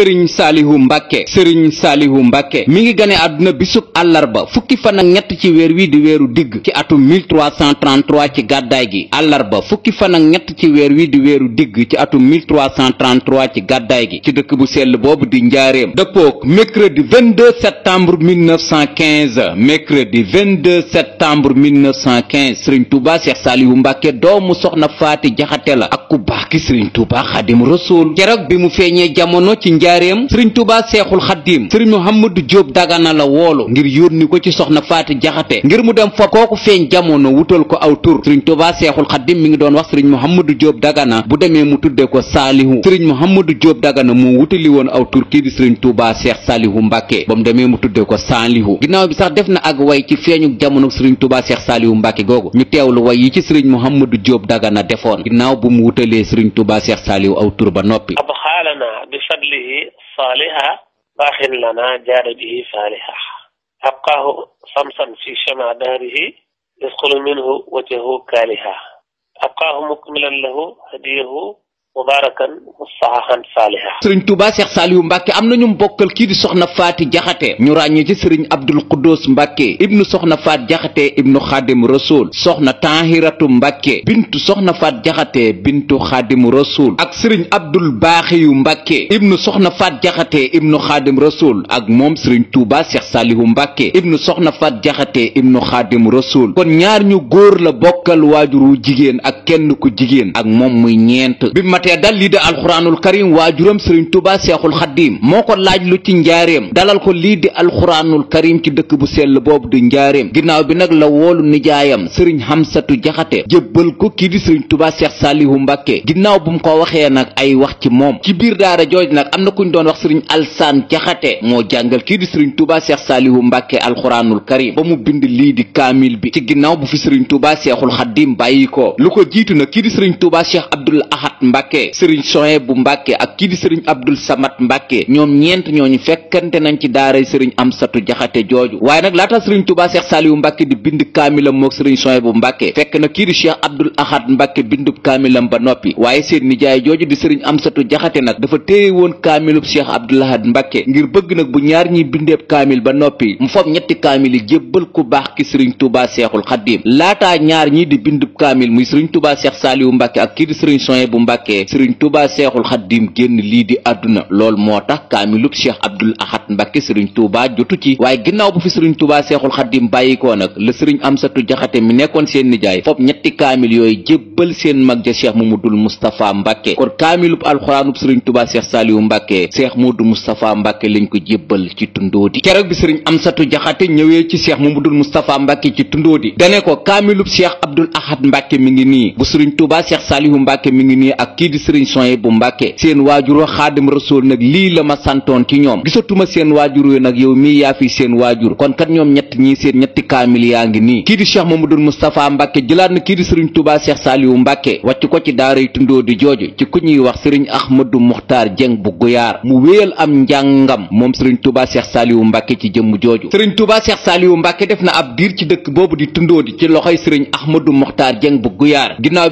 sëriñ saalihu mbàkke sëriñ saalihu mbàkke mi ngi gane àdduna bisub àllarba fukki fan ak ñett ci weer wi di weeru digg ci atum 1333 ci gàddaay gi àllarba fukki fan ñett ci weer wi di weeru digg ci atum 1333 ci gàddaay gi ci dëkk bu sell boobu di njaareem dëppook mercredi 22 septembre 1915 mercredi 22 septembre 1915 sëriñ tuuba seex saalihu mbàkke doomu soxna faati jaxate la ak ku baax ki sëriñ tuuba xadim rasuul keroog bi mu feeñee jamono ci njaareem sëriñ tubaa seexul xaddiim sëriñ Mouhamadou jóob dagana la woolu ngir ni ko ci soxna faati jaxate ngir mu dem fa kooku feeñ jamono wutal ko aw tur sëriñ tubaa seexul xaddiim mi ngi doon wax sëriñ Mouhamadou Diop dagana bu demee mu tudde ko saalihu sëriñ Mouhamadou Diop dagana moo wutali woon aw tur kii di sëriñ tubaa seex saalihu mbàkke ba mu demee mu tuddee ko saalihu ginnaaw bi sax def na ak way ci feeñu jamono sëriñ tubaa seex saalihu mbàkke googu ñu teewlu way yi ci sëriñ Mouhamadou jóob dagana defoon ginnaaw bu mu wutalee sëriñ tubaa seex saalihu aw tur ba noppi بفضله صالحا باخ لنا جار به صالحا أبقاه صمصا في شمع دهره يدخل منه وجهه كالها أبقاه مكملا له هديه mubaarakan mustaxaxan saaliha sëriñ Touba Cheikh Saliou Mbacke am nañu mbokkal kii soxna faati jaxate ñu ràññee ci sëriñ Abdul Quddus Mbacke ibnu soxna faat jaxate ibnu xaadim rasul soxna Tahiratu Mbacke bintu soxna faat jaxate bintu xaadim rasul ak sëriñ Abdul Baaxiyu Mbacke ibnu soxna faat jaxate ibnu xaadim rasul ak moom sëriñ Touba Cheikh Saliou Mbacke ibnu soxna faat jaxate ibnu xaadim rasul kon ñaar ñu góor la bokkal waajur wu jigéen ak kenn ku jigéen ak moom muy ñeent bi wootee dal lii di alxuraanul karim waajuram sëriñ tuba seexul xaddiim moo ko laaj lu ci njaareem dalal ko lii di alxuraanul karim ci dëkk bu sell boobu di njaareem ginnaaw bi nag la woolu nijaayam sëriñ xamsatu jaxate jébbal ko kii di sëriñ tuba seex saalihu mbàkke ginnaaw bu mu ko waxee nag ay wax ci moom ci biir daara jooj nag am na ku ñu doon wax sëriñ alsaan jaxate moo jàngal kii di sëriñ tuba seex saalihu mbàkke alxuraanul karim ba mu bind lii di kaamil bi ci ginnaaw bu fi sëriñ tuba seexul xaddiim bàyyi Sering Serigne Sohé bu ak di Serigne Abdul Samad Mbacke nyom nyent ñooñu fekkante nañ ci daara Serigne Amsatu Jaxate jooju waye nak lata Serigne Touba Cheikh Saliou Mbake di bind Kamilam mok Serigne Sohé bu Mbacke fekk na Cheikh Abdul Ahad Mbake bindu Kamilam ba nopi waye seen nijaay di Serigne Amsatu Jaxate nak dafa téye won kaamilub Cheikh Abdul Ahad Mbake ngir bëgg nak bu ñaar ñi bindeeb kamil ba nopi mu fop ñetti Kamil yi jébbal ku baax ki Serigne Touba Cheikhul Khadim lata ñaar ñi di bindu kamil muy Serigne Touba Cheikh Saliou Mbake ak kii di Serigne Sohé bu woowee sëriñ Touba Seexul Xaddim génn lii di àdduna lool moo tax kaamilub Cheikh Abdoul Ahad Mbacke sëriñ Touba jotu ci waaye ginnaaw bu fi sëriñ Touba Seexul Xaddim bàyyikoo nag la sëriñ Amsatu Jaxate mi nekkoon seen nijaay fopp ñetti kaamil yooyu jébbal seen mag ja Cheikh Mamadul Moustapha Mbacke kon kaamilub alxuraanub sëriñ Touba Cheikh Saliou Mbacke Cheikh Modou Moustapha Mbacke lañ ko jébbal ci Tundóodi keroog bi sëriñ Amsatu Jaxate ñëwee ci Cheikh Mamadul Moustapha Mbacke ci Tundóodi dane ko kaamilub Cheikh Abdoul Ahad Mbacke mi ngi nii bu sëriñ Touba Cheikh Saliou Mbacke mi ngi nii ak kii di sëriñ Souhaïbou Mbàkke seen waajur xaadim rasool nag lii la ma santoon ci ñoom gisatuma seen waajur yooyu nag yow mii yaa fi seen waajur kon kat ñoom ñett ñii seen ñetti kaamil yaa ngi nii kii di cheikh mamadul moustapha mbàkke jëlaat na kii di sëriñ tubaa cheikh saaliwu mbàkke wàcc ko ci daaray tundoo di jooju ci ku ñuy wax sëriñ ahmadu muxtaar jeng bu guyaar mu wéyal am njàngam moom sëriñ tubaa cheikh saaliwu mbàkke ci jëmm jooju sëriñ tubaa cheikh saaliwu mbàkke def na ab diir ci dëkk boobu di tundoo di ci loxoy sëriñ ahmadu muxtaar jeng bu guyaar ginnaaw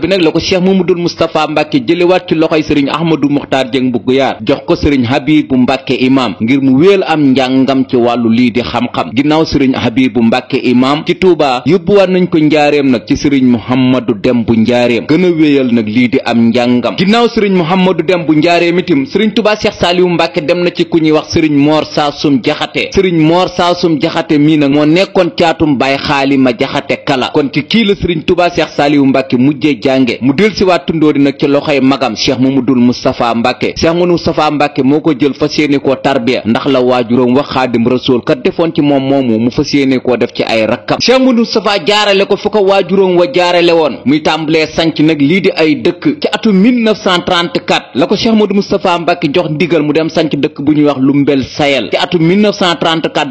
bàyyiwaat ci loxoy sëriñ ahmadou muxtaar jëng bu guyaar jox ko sëriñ habibu mbàkke imaam ngir mu wéel am njàngam ci wàllu lii di xam-xam ginnaaw sëriñ habibu mbàkke imaam ci tuubaa yóbbuwaat nañ ko njaareem nag ci sëriñ muhammadu dem bu njaareem gën a wéyal nag lii di am njàngam ginnaaw sëriñ muhammadu dem bu njaareem itim sëriñ tubaa seex saaliwu mbàkke dem na ci ku ñuy wax sëriñ moor saasum jaxate sëriñ moor saasum jaxate mii nag moo nekkoon caatum bay xaali ma jaxate kala kon ci kii la sëriñ tubaa seex saaliwu mbàkke mujjee jànge mu del si waat tundoori nag ci loxoy mag magam cheikh mamadul moustapha mbàkke cheikh mamadul moustapha mbàkke moo ko jël fas yéene koo tarbiya ndax la waajuróom wax xaadim rasool kat defoon ci moom moomu mu fas yéene koo def ci ay rakkam cheikh mamadul moustapha jaarale ko fu ko wa jaarale woon muy tàmbalee sanc nag lii di ay dëkk ci atu la ko cheikh mamadul moustapha mbàkke jox ndigal mu dem sanc dëkk bu ñuy wax Lumbel Sayel ci atu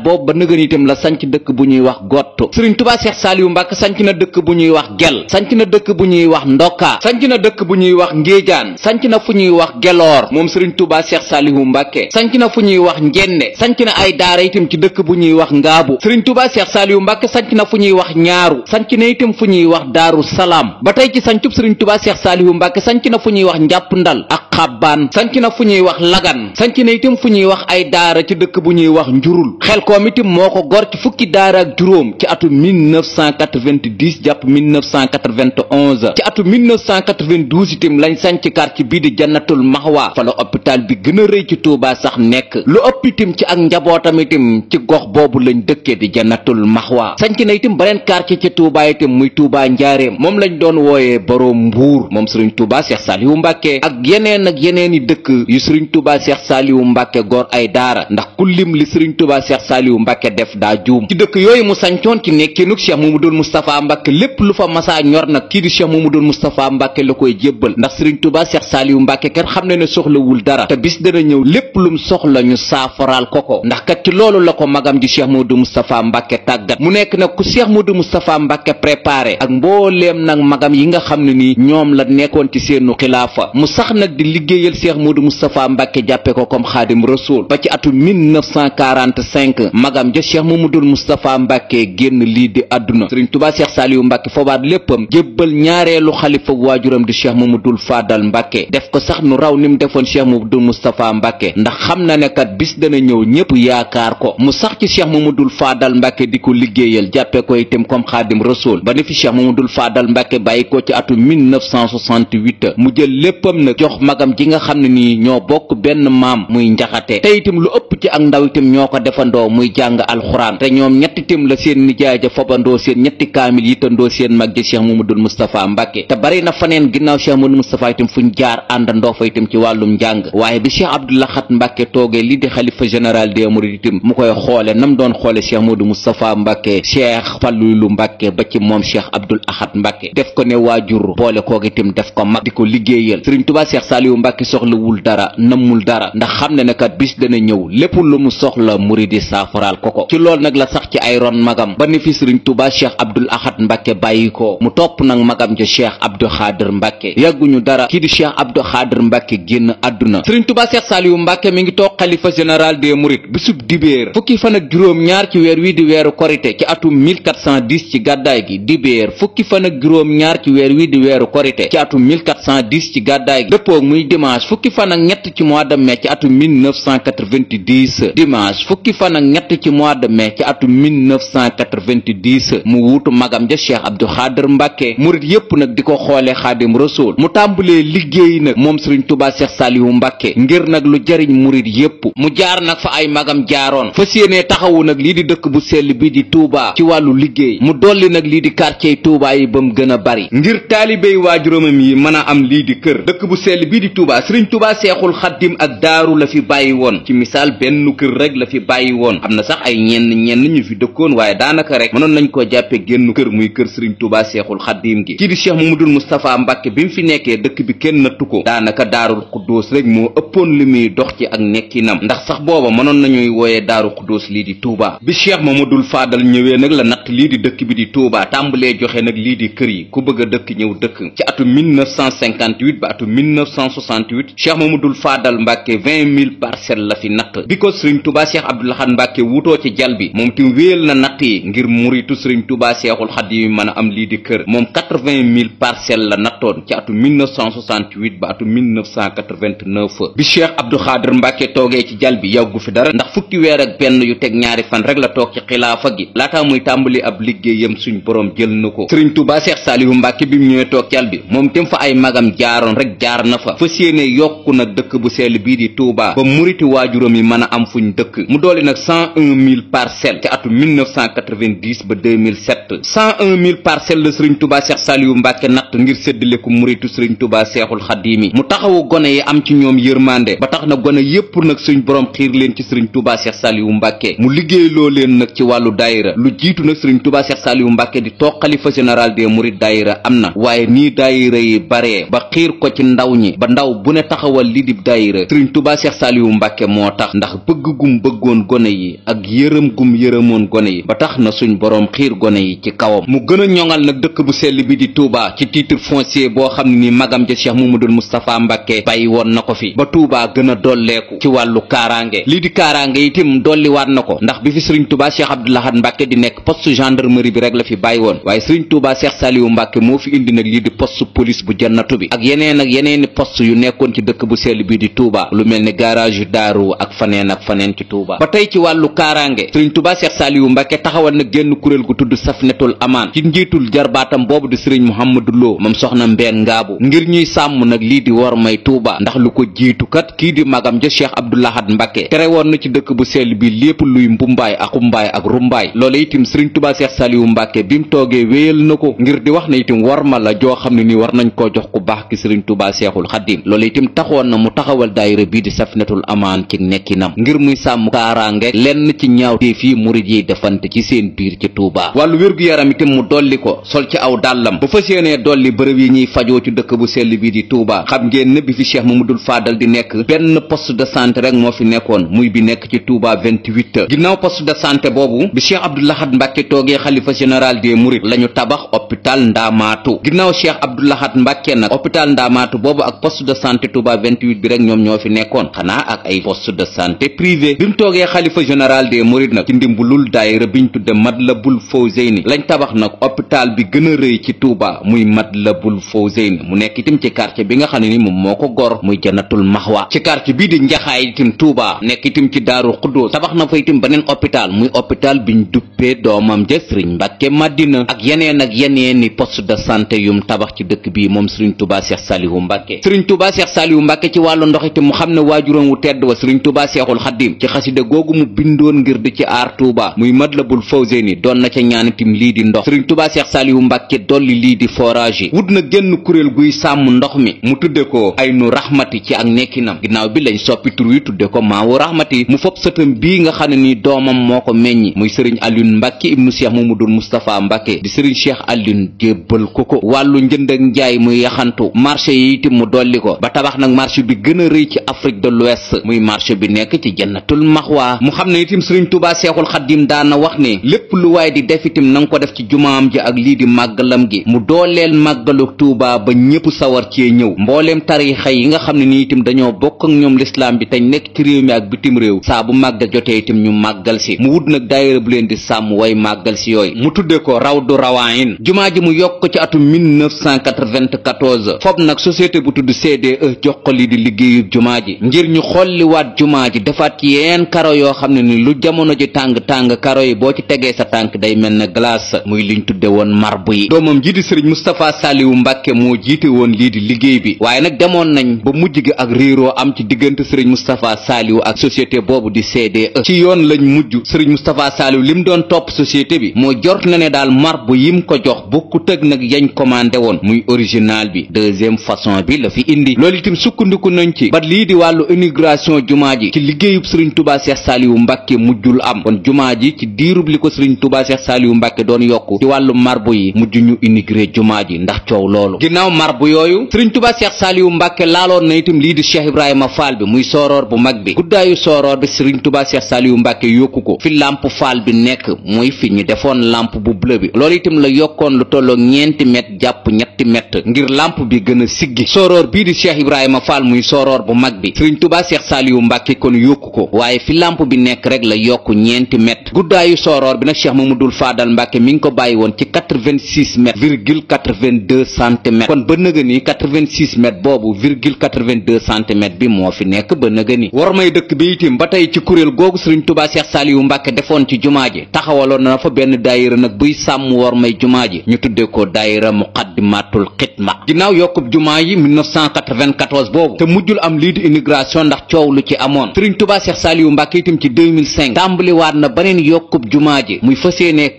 boobu ba nëgën itam la sanc dëkk bu ñuy wax Gott Serigne Touba Cheikh Saliou ngangaan sanc na fu ñuy wax gelor mom Serigne Touba Cheikh Salihou mbàkke sanc na fu ñuy wax njenne sanc na ay daara itim ci dëkk bu ñuy wax Ngabu Serigne Touba Cheikh Salihou mbàkke sanc na fu ñuy wax ñaaru sanc na itim fu ñuy wax Daru Salam ba tay ci sancub Serigne Touba Cheikh Salihou mbàkke sanc na fu ñuy wax njàpp ndal ak xabbaan sanc na fu ñuy wax lagan sanc na itim fu ñuy wax ay daara ci dëkk bu ñuy wax njurul xel ko itam moko gor ci fukki daara ak juróom ci atu 1990 japp 1991 ci atu 1992 itim lañ sanc ci quartier bii di jannatul maxwa fa la hôpital bi gën a rëy ci Touba sax nekk lu ëpp itam ci ak njabootam itam ci gox boobu lañ dëkkee di jannatul maxwa sanc na itam beneen quartier ci Touba itam muy Touba njaareem moom lañ doon wooyee boroom mbuur moom sëriñ Touba Cheikh Saliou Mbacke ak yeneen ak yeneeni dëkk yu sëriñ Touba Cheikh Saliou Mbacke gor ay daara ndax ku lim li sëriñ Touba Cheikh Saliou Mbacke def daa juum ci dëkk yooyu mu sancoon ci nekkinug Cheikh Mamadou Moustapha Mbacke lépp lu fa masaa ñor nag kii di Cheikh Mamadou Moustapha Mbacke la Touba Seex Saaliwu Mbàkke kat xam ne ne soxlawul dara te bis dana ñëw lépp lum soxla ñu saafaraal ko ko ndax kat ci loolu la ko magam ji Cheikh Modou Moustapha Mbàkke tàggat mu nekk nag ku Cheikh Modou Moustapha Mbàkke préparé ak mbooleem nag magam yi nga xam ne nii ñoom la nekkoon ci seenu xilaafa mu sax nag di liggéeyal mu Modou Moustapha Mbàkke jàppe ko comme xaadim rasul ba ci atu 1945 magam ja Cheikh Mamadou Moustapha Mbàkke génn lii di àdduna Sëriñ Touba Seex Saaliwu Mbàkke foobaat léppam jébbal ñaareelu xalifa waajuram di Cheikh Mamadou Fadal leeral mbàkke def ko sax nu raw ni mu defoon mu mamadul moustapha mbàkke ndax xam na ne kat bis dana ñëw ñépp yaakaar ko mu sax ci mu cheikh dul faadal mbàkke di ko liggéeyal jàppe ko itam comme xaadim rasul ba ne fi cheikh dul faadal mbàkke bàyyi ko ci atu 1968 mu jël léppam nag jox magam ji nga xam ne nii ñoo bokk benn maam muy njaxate te itam lu ëpp ci ak ndaw itam ñoo ko defandoo muy jàng alxuraan te ñoom ñetti tim la seen nijaay ja fobandoo seen ñetti kaamil yitandoo seen mag ja cheikh mamadul moustapha mbàkke te bari fa neen ginnaaw cheikh mamadul moustapha itam fuñ jaar àndandoo fa itam ci wàllum njàng waaye bi cheikh abdoulahat mbàkke toogee lii di xalifa général de mourides itam mu koy xoole nam doon xoole cheikh mamadul moustapha mbàkke cheikh lu mbàkke ba ci moom cheikh abdul ahad mbakke def ko ne waajur boole koog itam def ko mag di ko liggéeyal sëriñ tubaa cheikh saaliyu mbàkke soxlawul dara nammul dara ndax xam ne lépp lu mu soxla muridi saafaraal ko ko ci lool nag la sax ci ay ron magam ba ni fi sëriñ tuuba cheikh abdul ahad mbàkke bàyyi ko mu topp nag magam ja cheikh abdou xaadir mbàkke yàgguñu dara kii di cheikh abdou xaadir mbàkke génn àdduna sëriñ tuuba cheikh saaliyu mbàkke mi ngi toog xalifa général des mourides bisub dibéer fukki fan ak juróom ñaar ci weer wi di weeru korite ci atum 1410 ci gàddaay gi dibéer fukki fan juróom ñaar ci weer wi di weeru korite ci atum 1410 ci gàddaay gi 1990 dimanche fukki fan ak ñett ci mois de mai ci atum 1990 mu wuutu magam ja cheikh abdou xaadir mbàkke murit yépp nag di ko xoolee xaadim rasul mu tàmbalee liggéey nag moom sëriñ tubaa cheikh saalihu mbàkke ngir nag lu jariñ murit yépp mu jaar nag fa ay magam jaaroon fas yéenee taxawu nag lii di dëkk bu sell bi di tuubaa ci wàllu liggéey mu dolli nag lii di quartier yi tuubaa yi ba mu gën a bari ngir taalibey waajuramam yi mën a am lii di kër dëkk bu sell bi di tuubaa sëriñ benn kër rek la fi bàyyi woon am na sax ay ñenn ñenn ñu fi dëkkoon waaye daanaka rek mënoon nañ koo jàppe génn kër muy kër sëriñ Tuubaa Seexul Xaddiim gi kii di Cheikh Mamadul Moustapha Mbàkke bi mu fi nekkee dëkk bi kenn nattu ko daanaka daarul xuddoos rek moo ëppoon li muy dox ci ak nekkinam ndax sax booba mënoon nañuy wooyee daaru xuddoos lii di Tuubaa bi Cheikh Mamadul Faadal ñëwee nag la natt lii di dëkk bi di Tuubaa tàmbalee joxe nag lii di kër yi ku bëgg a dëkk ñëw dëkk ci atu 1958 ba atu 1968 Cheikh Mamadul Faadal Mbàkke 20 000 parcelles la fi natt bi ko serigne touba cheikh abdul khan mbake wuto ci jalbi mom tim wéel na natt ngir muritu serigne touba cheikhul khadim man am li di keur mom 80000 parcelles la nattoon ci atu 1968 ba atu 1989 bi cheikh abdou khadir mbake toge ci jalbi bi yàggu fi dara ndax fukki weer ak ben yu tek ñaari fan rek la tok ci khilafa gi laataa muy tambali ab liggéeyam suñ borom jël nako serigne touba cheikh salihu mbake bi mu tok jalbi mom tim fa ay magam jaaron rek jaar na fa fas yéene yokku nag dëkk bu sel bi di touba ba muriti waajuram yi a am fuñ dëkk mu doole nag cent un mille parcelles ci atum 1990 ba 2007 cent un mille parcelles la sëriñ tubaa seex saaliyu mbàkke natt ngir séddale ko muritu sëriñ tubaa seexul xadiimi mu taxawu gone yi am ci ñoom yërmande ba tax na gone yépp nag suñ borom xiir leen ci sëriñ tubaa seex saaliyu mbàkke mu liggéey loo leen nag ci wàllu daayira lu jiitu nag sëriñ tubaa seex saaliyu mbàkke di toog xalifa général des mourides daayira am na waaye nii daayira yi baree ba xiir ko ci ndaw ñi ba ndaw bu ne taxawal li di daayira sëriñ tubaa seex saaliyu moo tax ndax ndax bëgg gum bëggoon gone yi ak yërëm gum yërëmoon gone yi ba tax na suñ boroom xiir gone yi ci kawam mu gën a ñoŋal nag dëkk bu sell bii di Touba ci titre foncier boo xam ni magam ja Cheikh Mamadou Moustapha Mbacké bàyyi woon na ko fi ba Touba gën a dolleeku ci wàllu kaaraange lii di kaaraange itam dolliwaat na ko ndax bi fi Serigne Touba Cheikh Abdou Lahad di nekk post poste gendarmerie bi rek la fi bàyyi woon waaye Serigne Touba Cheikh Saliou Mbacké moo fi indi nag lii di poste police bu jannatu bi ak yeneen ak yeneeni poste yu nekkoon ci dëkk bu sell bi di Touba lu mel ni garage yu ak feneen ak feneen ci Touba ba tey ci wàllu kaaraange Serigne Touba Cheikh Saliou Mbacke taxawal na génn kuréel gu tudd Safinatul Amaan ci njiitul jarbaatam boobu di Serigne Mouhamadou Lo moom soxna Mbeen Ngaabu ngir ñuy nag lii di war may Touba ndax lu ko jiitu kat kii di magam ja Cheikh Abdou Lahad Mbacke tere woon na ci dëkk bu sell bi lépp luy mbumbaay ak umbaay ak rumbaay loola itam Serigne Touba Cheikh Saliou Mbacke bi mu toogee na ko ngir di wax na itam war ma la joo xam ne ni war nañ koo jox ku baax ki Serigne Touba Cheikhul taxoon na mu taxawal daayira bii di Safinatul Amaan ci nekki na kanam ngir muy sàmm kaaraange lenn ci ñaaw téef yi murit yiy defante ci seen biir ci Touba wàllu wér-gu-yaram itam mu dolli ko sol ci aw dàllam bu fas yéenee dolli bërëb yi ñuy fajoo ci dëkk bu sell bi di Touba xam ngeen ne mu fi dul Mamadou Fadal di nekk benn post de santé rek moo fi nekkoon muy bi nekk ci Touba 28 ginnaaw poste de santé boobu bi Cheikh Abdou Lahad Mbacke toogee xalifa général des Mourides la ñu tabax hôpital Ndaamaatu ginnaaw Cheikh Abdou Lahad Mbacke nag hôpital Ndaamaatu boobu ak poste de santé Touba 28 bi rek ñoom ñoo fi nekkoon xanaa santé privée bi mu toogee xalifa général des mourides nag ci ndimbalul daayira biñ tudde Matlaboul Fawzeyni lañ tabax nag hôpital bi gën a rëy ci Touba muy mat la Matlaboul Fawzeyni mu nekk itam ci quartier bi nga xam ne ni moom moo ko gor muy Jannatul Mahwa ci quartier bii di Njaxaay itim Touba nekk itam ci Daaru Xuddoos tabax na fa itam beneen hôpital muy hôpital biñ duppee doomam ja Sëriñ Mbàkke Madina ak yeneen ak yeneen ni poste de santé yum tabax ci dëkk bi moom Sëriñ Touba Cheikh Saliou Mbàkke Sëriñ Touba Cheikh Saliou Mbàkke ci wàllu ndox itam xam ne waajuram wu tedd wa Sëriñ Touba seexul xaddim ci xasida googu mu bindoon ngir di ci aar tuuba muy madlabul fawzeyni doon na ca ñaanitim lii di ndox sëriñ tuuba seex saaliwu mbàkke dolli lii di forage wut na génn kuréel guy sàmm ndox mi mu tudde ko ay nu raxmati ci ak nekkinam ginnaaw bi lañ soppi tur wi tudde ko maawu raxmati mu fopp sëtam bii nga xam ne ni doomam moo ko meññi muy sëriñ Alioune Mbàkke ibnu seex dul Mustapha Mbàkke di sëriñ Cheikh Alioune jébbal ko ko wàllu njënd ak njaay yaxantu marché yi mu dolli ko a bi nekk nekk ci jannatul maxwa mu xam ne itam sëriñ tubaa seexul xaddim daana wax ne lépp lu waaye di def itam na nga ko def ci jumaam ji ak lii màggalam gi mu dooleel màggalu tuubaa ba ñëpp sawar cee ñëw mbooleem tarixa yi nga xam ne ni itam dañoo bokk ak ñoom lislaam bi teñ nekk ci réew mi ak bitim réew saa bu màggal jotee itam ñu màggal si mu wut nag daayira bu leen di sàmm way màggal si yooyu mu tudde ko raw du rawaayin jumaa ji mu yokk ci atum 1994 fob nag société bu tudd CDE jox ko lii di liggéeyu jumaa ji defaat ci yeneen karo yoo xam ne ni lu jamono ji tàng-tàng karo yi boo ci tegee sa tànk day mel ne glace muy liñ tudde woon marbu yi doomam ji di sëriñ Moustapha Saliou Mbacke moo jiite woon lii di liggéey bi waaye nag demoon nañ ba mujj gi ak réeroo am ci diggante sëriñ Moustapha Saliou ak société boobu di CDE ci yoon lañ mujj sëriñ Moustapha Saliou lim doon topp société bi moo jort na ne daal marbu yim ko jox bokku tëg nag yañ commandé woon muy original bi deuxième façon bi la liggéeyub sëriñ tubaa seex saaliwu mbàkke mujjul am kon jumaa ji ci diirub li ko sëriñ tubaa seex saaliwu mbàkke doon yokku ci wàllu marbu yi mujj ñu inigré jumaa ji ndax coow loolu ginnaaw marbu yooyu sëriñ tubaa seex saaliwu mbàkke laaloon na itam lii di cheikh ibrahima faal bi muy sooroor bu mag bi guddaayu sooroor bi sëriñ tubaa seex saaliwu mbàkke yokku ko fi lamp faal bi nekk muy fi ñu defoon làmp bu bleu bi loolu itam la yokkoon lu tolloog ñeenti mètre jàpp ñetti mètre ngir làmp bi gën a siggi sooroor yokku ko waaye fi lamp bi nekk rek la yokku ñeenti mètre guddaayu sooroor bi nag cheikh mamadul faadal mbàkke mi ngi ko bàyyi woon ci 86 mètre kon ba nëga ni boobu virgule bi moo fi nekk ba nëga war may dëkk bi itim ba tey ci kuréel googu sëriñ tubaa cheikh saaliyu mbàkke defoon ci jumaa ji taxawaloon na fa benn daayira nag buy sàmm war may jumaa ji ñu tuddee ko daayira muqaddimatul xidma ginnaaw yokkub jumaa yi 1994 boobu te mujjul am lii di sëriñ tubaa seex saaliyu mbàkke itam ci 2005 tàmbaliwaat ji muy fas yéenee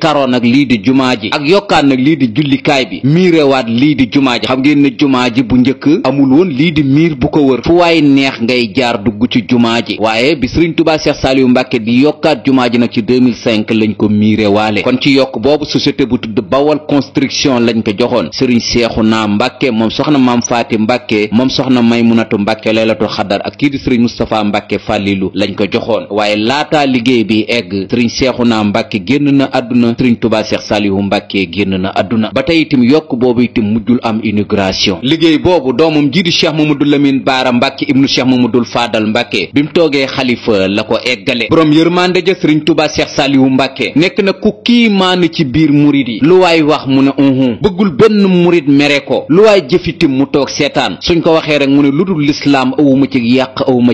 lii di jumaa ji ak yokkaat lii di jullikaay bi miirewaat lii di jumaa ji xam ngeen ne jumaa ji bu njëkk amul lii di miir bu ko wër fu waay neex ngay jaar dugg ci jumaa ji waaye bi sëriñ tubaa seex saaliyu mbàkke di yokkaat jumaa ji nag ci 2005 lañ ko waale kon ci yokk boobu société bu tudd bawal construction lañ ko joxoon sëriñ seexuna mbàkke moom soxna maam faati mbàkke moom soxna maymunatu mbàkke laylatu xadar ak kii di sëriñ mustapha mbàkke fa Fàllilu lañ ko joxoon waaye laataa liggéey bi egg sëriñ Seexuna Mbàkke génn na àdduna sëriñ Tuubaa Seex Saalihu Mbàkke génn na adduna ba tey itam yokk boobu itam mujjul am inauguration liggéey boobu doomam jiitu Cheikh Mamadou Lamine Baara Mbàkke ibnu Cheikh dul Faadal Mbàkke bi mu toogee xalifa la ko eggale borom ma ja sëriñ Tuubaa Seex Saalihu Mbàkke nekk na ku kii maana ci biir murit yi lu waay wax mu ne unhu bëggul benn murit mere ko lu waay mu toog seetaan suñ ko waxee rek mu ne lu dul lislaam awuma yàq awuma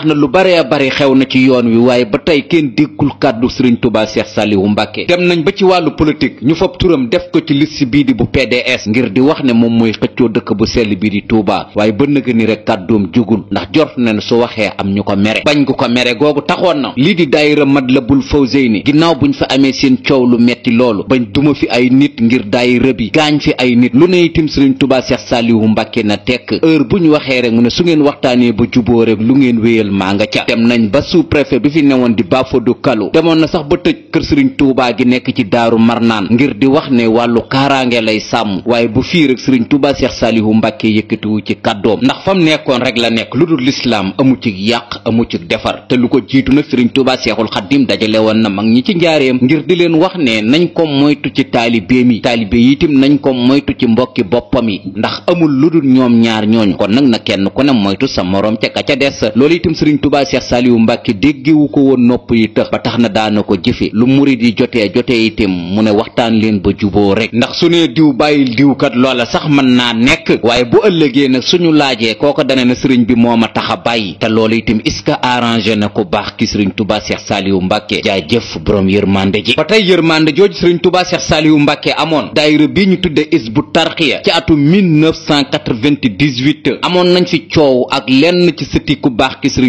tax na lu baree bari xew na ci yoon wi waaye ba tey kenn déggul kàddu sëriñ Tuubaa Seex Saaliwu Mbàkke dem nañ ba ci wàllu politique ñu fab turam def ko ci liste bii di bu PDS ngir di wax ne moom mooy xëccoo dëkk bu sell bii di Tuubaa waaye ba nëgë ni rek kàddoom jugul ndax jort na ne su waxee am ñu ko mere bañ gu ko mere googu taxoon na lii di daayira Matlabul Fawzeyni ginnaaw buñ fa amee seen coow lu metti loolu bañ duma fi ay nit ngir daayira bi gaañ fi ay nit lu ne itam sëriñ Tuubaa Seex Saaliwu Mbàkke na tekk heure bu ñu waxee rek mu ne su ngeen waxtaanee ba juboo rek lu ngeen wéyal daal maa nga ca dem nañ ba sous bi fi newoon di Bafodou kalu demoon na sax ba tëj kër sëriñ Touba gi nekk ci daaru Marnaan ngir di wax ne wàllu kaaraange lay sàmm waaye bu fiir rek sëriñ Touba Cheikh Salihu Mbacke yëkkatiwu ci kàddoom ndax fam nekkoon rek la nekk lu dul lislaam amu ci yàq amu ci defar te lu ko jiitu nag sëriñ Touba Cheikhul Xadim dajale woon na mag ñi ci njaareem ngir di leen wax ne nañ ko moytu ci taalibeem yi taalibe yi itam nañ ko moytu ci mbokki boppam yi ndax amul lu dul ñoom ñaar ñooñu kon nag na kenn ku ne moytu sa moroom ca ka ca des loolu itam sëriñ tubaa seex saaliwu mbàkke déggewu ko woon nopp yi tëx ba tax na daana ko jëfe lu murid yi jotee jotee itam mu ne waxtaan leen ba juboo rek ndax su nee diw bàyyil diwkat loola sax mën naa nekk waaye bu ëllëgee nag suñu laajee kooko dana na sëriñ bi moo ma tax a bàyyi te loolu itam est-ce que arrangé na ko baax ki sëriñ tubaa seex saaliwu mbàkke jaa jëf borom yërmande ji ba tey yërmande jooju sëriñ tubaa seex saaliwu mbàkke amoon daayira bi ñu tudde isbu tarxiya ci atu 1998 amoon nañ fi coow ak lenn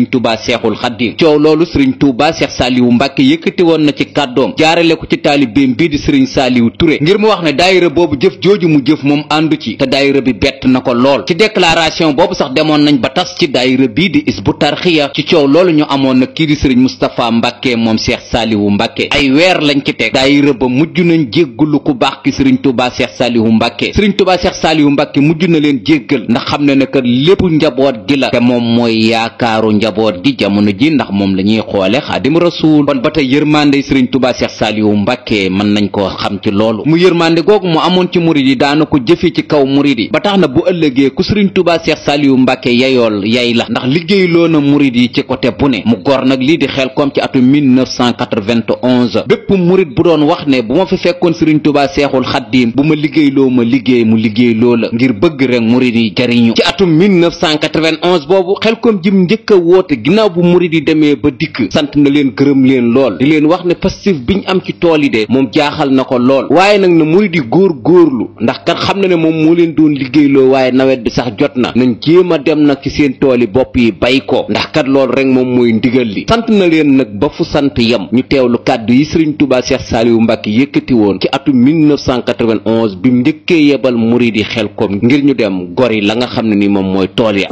sëriñ Touba Seexul Xaddim coow loolu sëriñ Touba Seex Saaliwu Mbàkke yëkkati woon na ci kàddoom jaarale ko ci taalibeem bii di sëriñ Saaliwu Touré ngir mu wax ne daayira boobu jëf jooju mu jëf moom àndu ci te daayira bi bett na ko lool ci déclaration boobu sax demoon nañ ba tas ci daayira bii di Hizbut Tarqiyyah ci coow loolu ñu amoon na kii di sëriñ Moustapha Mbàkke moom Seex Saaliwu Mbàkke ay weer lañ ci teg daayira ba mujj nañ jéggulu ku baax ki sëriñ Touba Seex Saaliwu Mbàkke na leen jéggal ndax xam ne ne lépp njaboot gi la njaboot gi jamono ji ndax moom la ñuy xoole xaadim rasuul kon ba tey yërmande sëriñ tubaa seex saaliwu mbàkke mën nañ koo xam ci loolu mu yërmande googu mu amoon ci murid yi daana ko jëfe ci kaw murid yi ba tax na bu ëllëgee ku sëriñ tubaa seex saaliwu mbàkke yayool yay la ndax liggéey loo na murid yi ci côté bu ne mu gor nag lii di xel koom ci atum 1991 bépp bu doon wax ne bu ma fi fekkoon sëriñ tubaa seexul xaddiim bu ma liggéey loo ma liggéey mu liggéey loo la ngir bëgg rek murid yi woote ginnaaw bu murid yi demee ba dikk sant na leen gërëm leen lool di leen wax ne bi biñ am ci tool yi de moom jaaxal na ko lool waaye nag na murid yi góor góorlu ndax kat xam na ne moom moo leen doon liggéeyloo waaye nawet bi sax jot na nañ jéem a dem nag ci seen tool yi bopp yi bay ndax kat loolu rek moom mooy ndigal li sant na leen nag ba fu sant yem ñu teewlu kàddu yi Sëriñ Tuubaa Seex Saaliwu Mbàkke yëkkati woon ci atum 1991 bi mu njëkkee yebal murid di xel koom ngir ñu dem gor yi la nga xam ne ni moom mooy tool ya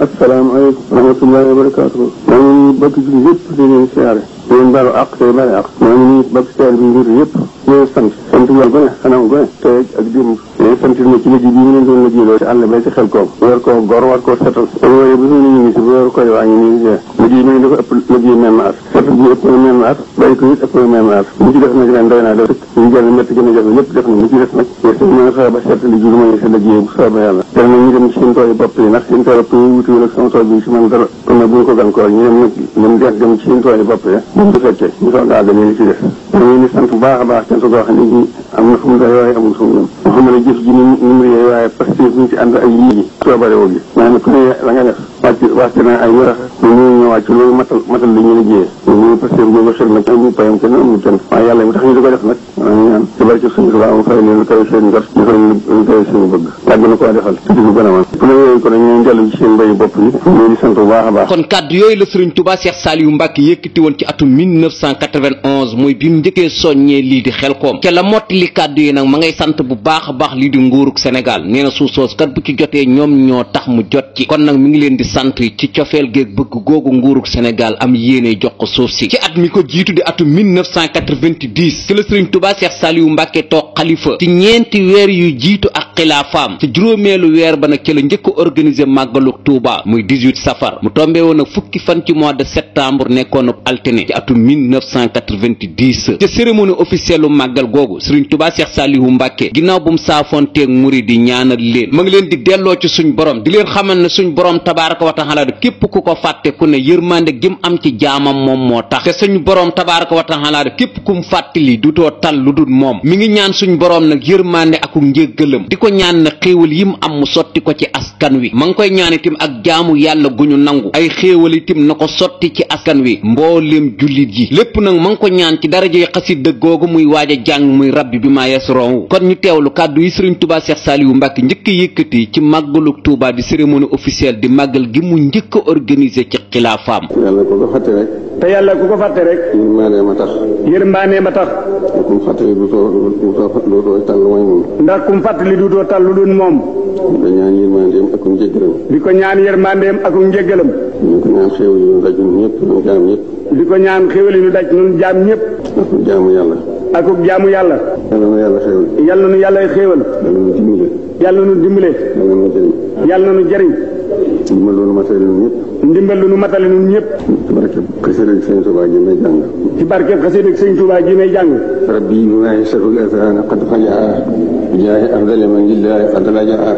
maa ngi bokk ci lépp di leen siyaare day mbalu àq day mbalu àq maa ngi nii bëgg seel bi mbir yëpp ñoo sant sant yoon ba ne xanam gone te ak démb mais sant na ci lëj bi ñu leen doon lëjloo ci àll bay ci xel koom war koo gor war koo setal yooyu bu ñu ñu si war koy wàññi nii lëj yi ñu dafa ëpp lëj yi même at setal bi ëpp na même at bay ko it ëpp na même at mu ci def nag ren doy naa def ñu jël métti gën a jafe lépp def na mu ci def nag te mën a fexe ba seetali ji lu ma sa lëj yi bu soobee yàlla te nag ñu dem ci seen tool yi bopp yi ndax seen tool yi wutu ak sama tool bi si man dara kon nag bu ñu ko gan koor ñu dem nag dem def dem ci seen tool yi bopp yi 本部設計、二番川で入り口です。ma a mu ne a sant bu baax a baax kon kàddu yooyu la Sëriñ Tuubaa Cheikh Saliou Mbacke yëkkati woon ci atum 1991 muy bi njëkkee soññee lii di xel koom ca la li kàddu yi nag ma ngay sant bu baax a baax lii di nguurug Sénégal nee na suuf soos kat bu ci jotee ñoom ñoo tax mu jot ci kon nag mi ngi leen di sant ci cofeel géeg bëgg googu nguurug Sénégal am yéene jox ko suuf si ci at mi ko jiitu di atu 1990 ci la Sëriñ Tuubaa Seex Saaliwu Mbàkke toog xalifa ci ñeenti weer yu jiitu ak xilaafaam ci juróomeelu weer ba nag ci la njëkk a organiser màggalu Tuubaa muy 18 safar mu tombee woon nag fukki fan ci mois de septembre nekkoon altine ci atu 1990 së ca cérémonie officielle lu màggal googu sëriñ tubaa seex saalihu mbàkke ginnaaw bu mu saafonteeg muri di ñaanal leen ma ngi leen di delloo ci suñ borom di leen xamal ne suñ borom tabaaraka wa taala képp ku ko fàtte ku ne yërmande gim am ci jaamam moom moo tax te suñ borom tabaaraka wa taala képp kum fàttali too tal lu dul moom mi ngi ñaan suñ borom nag yërmande ak njëggalam di ko ñaan na xéewal mu am mu sotti ko ci askan wi ma ngi koy ñaan itam ak jaamu yàlla gu ñu nangu ay xéewal itam na ko sotti ci askan wi mbooleem jullit yi li xasit de gogu muy waja jang muy rabbi bi kon ñu tewlu kaddu yi serigne touba cheikh saaliwu mbak njëkk yëkkati ci touba di cérémonie officielle di màggal gi mu njëkk organiser ci khilafam yàlla ko rek te ku ko fatte rek yermane ma tax yermane ma tax ku ak jaamu yàlla. ak jaamu yàlla. yàlla na yàlla xéewal. yàlla na yàlla xéewal. yàlla na dimbale. yàlla na jëriñ. yàlla na jëriñ. ndimbal lu nu matale ñun ñëpp. ndimbal lu nu matale ñun ñëpp. ci barkeb xasida ak sëñ Tuubaa ji may jàng. ci barkeb xasida ak sëñ Tuubaa ji may jàng. rabbi bi maa yashraful azaan qad fajaa bi jaahi afdali man lillahi qad rajaa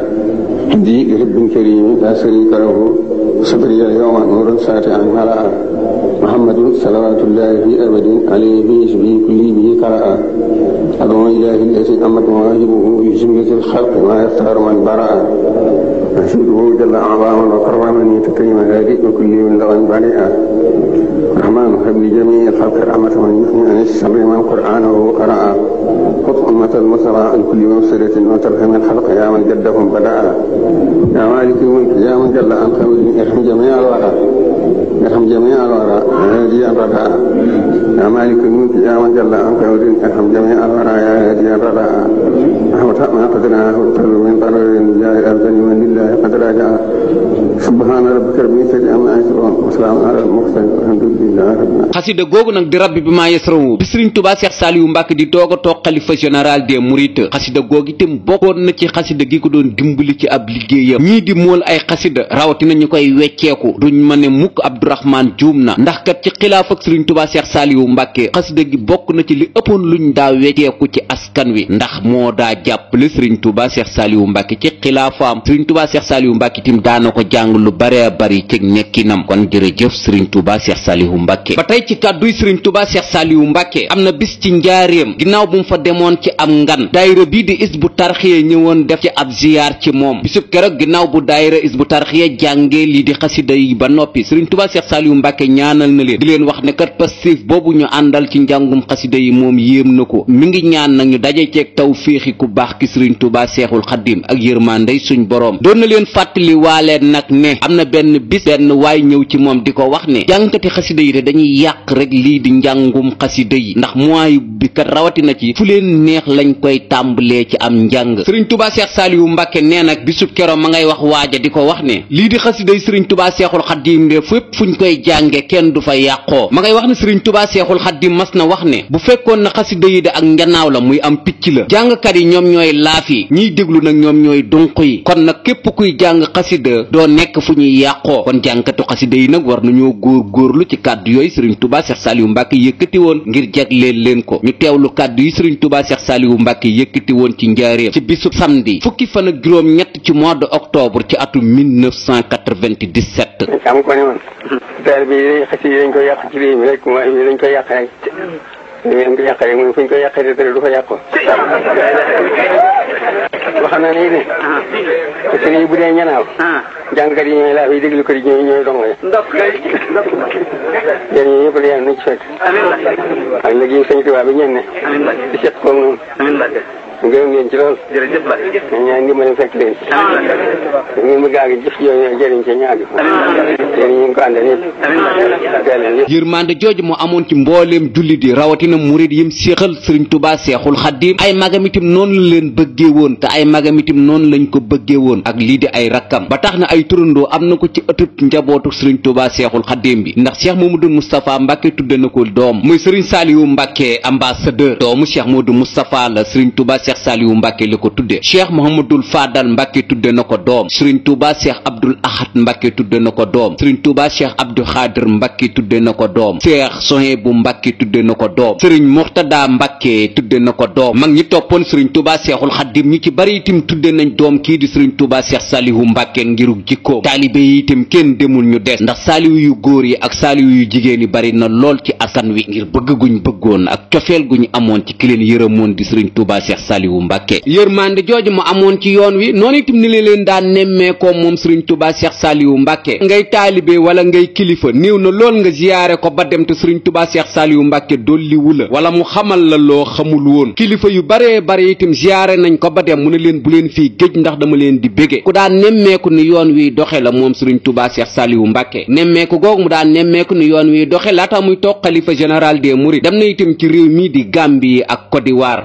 indi rabbin karim laa sharika lahu sabriya yawman nuran saatian malaa محمد صلوات الله في أبد عليه باسمه كله قرأ أدعو إله التي أمت مواهبه سمية الخلق ما يختار من برأ أشهده جل أعضاء وكرما من يتكلم هادئ وكل من لغة بريئة رحمن حب لجميع الخلق رحمة من يثني أن الشر من قرآنه قرأ خذ أمة المسرى عن كل مبصرة وترحم الخلق يا من جدهم بدأ يا مالك الملك يا من جل أنت من جميع الورى nga xam jamee alwara di rada ya malik mulk ya man jalla an kawrin nga xam jamee alwara ya di rada ahwata ma qadra ahwata min qadarin ya al-ghani wa lillahi qadra ja'a subhaana rabbika xasida googu nag di rabbi bi maa yasrawu bi sëriñ Tuubaa Seex Saaliwu Mbàkke di doog a toog xalifa général des mourides xasida googu itam bokkoon na ci xasida gi ko doon dimbali ci ab liggéeyam ñii di mool ay xasida rawatina ñu koy wecceeku duñ ma ne mukk Abdourahmane juum na ndax kat ci xilaaf ak sëriñ Tuubaa Seex Saaliwu Mbàkke xasida gi bokk na ci li ëppoon luñ daa wecceeku ci askan wi ndax moo daa jàppale sëriñ Tuubaa Seex Saaliwu Mbàkke ci xilaafaam daana ko jàng lu bare bari ci nekkinam kon jërëjëf sëriñ Touba Cheikh Saliou Mbacke ba ci kàdduy sëriñ Touba Cheikh Saliou Mbacke am na bis ci njaareem ginnaaw bu mu fa demoon ci am ngan daayira bii di is bu tarxiya ñëwoon def ci ab ziyaar ci moom bisub keroog ginnaaw bu daayira is bu tarxiya jàngee lii di xasida yi ba noppi sëriñ Touba Cheikh Saliou Mbacke ñaanal na leen wax ne kat passif boobu ñu àndal ci njàngum xasida yi moom yéem na ko mi ngi ñaan nag daje ceeg taw féexi ku baax ki sëriñ Touba Cheikhul Xadim ak yërmandey suñ boroom doon na leen fàttali waale leen ne am na benn bis benn waay ñëw ci moom di ko wax ne jàngkati xasida yi de dañuy yàq rek lii di njàngum xasida yi ndax mooy bi kat rawatina ci fu leen neex lañ koy tàmbalee ci am njàng sëriñ tubaa seex saaliwu mbàkke nee nag bisub kero ma ngay wax waaja di ko wax ne lii di xasida yi sëriñ tubaa seexul xaddiim de fépp fuñ koy jànge kenn du fa yàqoo ma ngay wax ne sëriñ tubaa seexul xaddiim mas na wax ne bu fekkoon na xasida yi de ak njanaaw la muy am picc la jàngkat yi ñoom ñooy laaf yi ñiy déglu nag ñoom ñooy dunq yi kon nag képp kuy jàng doo nekk fu ñuy yàqoo kon jànkatu xasida yi nag war nañoo góor góorlu ci kàddu yooyu sëriñ tubaa seex saaliwu mbàkke yëkkati woon ngir jagleel leen ko ñu teewlu kàddu yi sëriñ tubaa seex saaliwu mbàkke yëkkati woon ci njaareem ci bisu samedi fukki fan ak juróom ñett ci mois de octobre ci atum 1997 teer bi dañ xas yi dañ koy yàq ci réew mi rek mooy bi dañ koy yàq rek dañ koy yàq rek mooy fu ñu koy yàqee te du fa yàqu te sëriñ yi bu dee ñanaaw. Ah. jàngkat yi ñooy laaf yi déglu ko yi ñooy ñooy dong yi. ndox ñooñu ñëpp dañu ci fekk. amiin ak nag yi sëñ Tuubaa bi ñenn. amiin di seet koog noonu. gërëm leen jooju mu amoon ci mbooleem jullit yi rawatina murit yim séexal sëriñ tubaa seexul xaddim ay magam itam noonu leen bëggee woon te ay magam noonu lañ ko bëggee woon ak lii di ay rakkam ba tax na ay turandoo am na ko ci ëtëb njabootu sëriñ tubaa seexul xaddim bi ndax cheikh mamadou moustapha mbàkke tudde na ko doom muy sëriñ saaliyu mbàkke ambassadeur doomu cheikh mamadou moustapha la sëriñ tubaa Cheikh Saliou Mbacke la ko tudde Cheikh Mouhamadul Fadal Mbacke tudde na ko doom Serigne Touba Cheikh Abdoul Ahad Mbacke tudde na ko doom Serigne Touba Cheikh Abdou Khadir Mbacke tudde na ko doom Cheikh Sohibou Mbacke tudde na ko doom Serigne Mourtada Mbacke tudde na ko doom mag ñi toppoon Serigne Touba Cheikhul Khadim ñu ci bari itam tudde nañ doom kii di Serigne Touba Cheikh Saliou Mbacke ngirug jikkoom taalibe yi itam kenn demul ñu des ndax saaliw yu góor yi ak saaliw yu jigéen yi bari na lool ci askan wi ngir bëgg guñ Saliou Mbacke yërmande jooju mu amoon ci yoon wi noonu itam ni li leen daan nemmeekoo moom Serigne Touba Cheikh Saliou Mbacke ngay taalibee wala ngay kilifa néew na lool nga ziyaare ko ba dem te Serigne tubaa Cheikh Saliou Mbacke dolli wu la wala mu xamal la loo xamul woon kilifa yu baree bare itam ziyaare nañ ko ba dem mu ne leen bu leen fii géej ndax dama leen di bége ku daan nemmeeku ni yoon wiy doxe la moom Serigne Touba Cheikh Saliou Mbacke nemmeeku googu mu daan nemmeeku ni yoon wiy doxe laata muy toog général des Mourides dem na itam ci réew mii di Gambie ak Côte d'Ivoire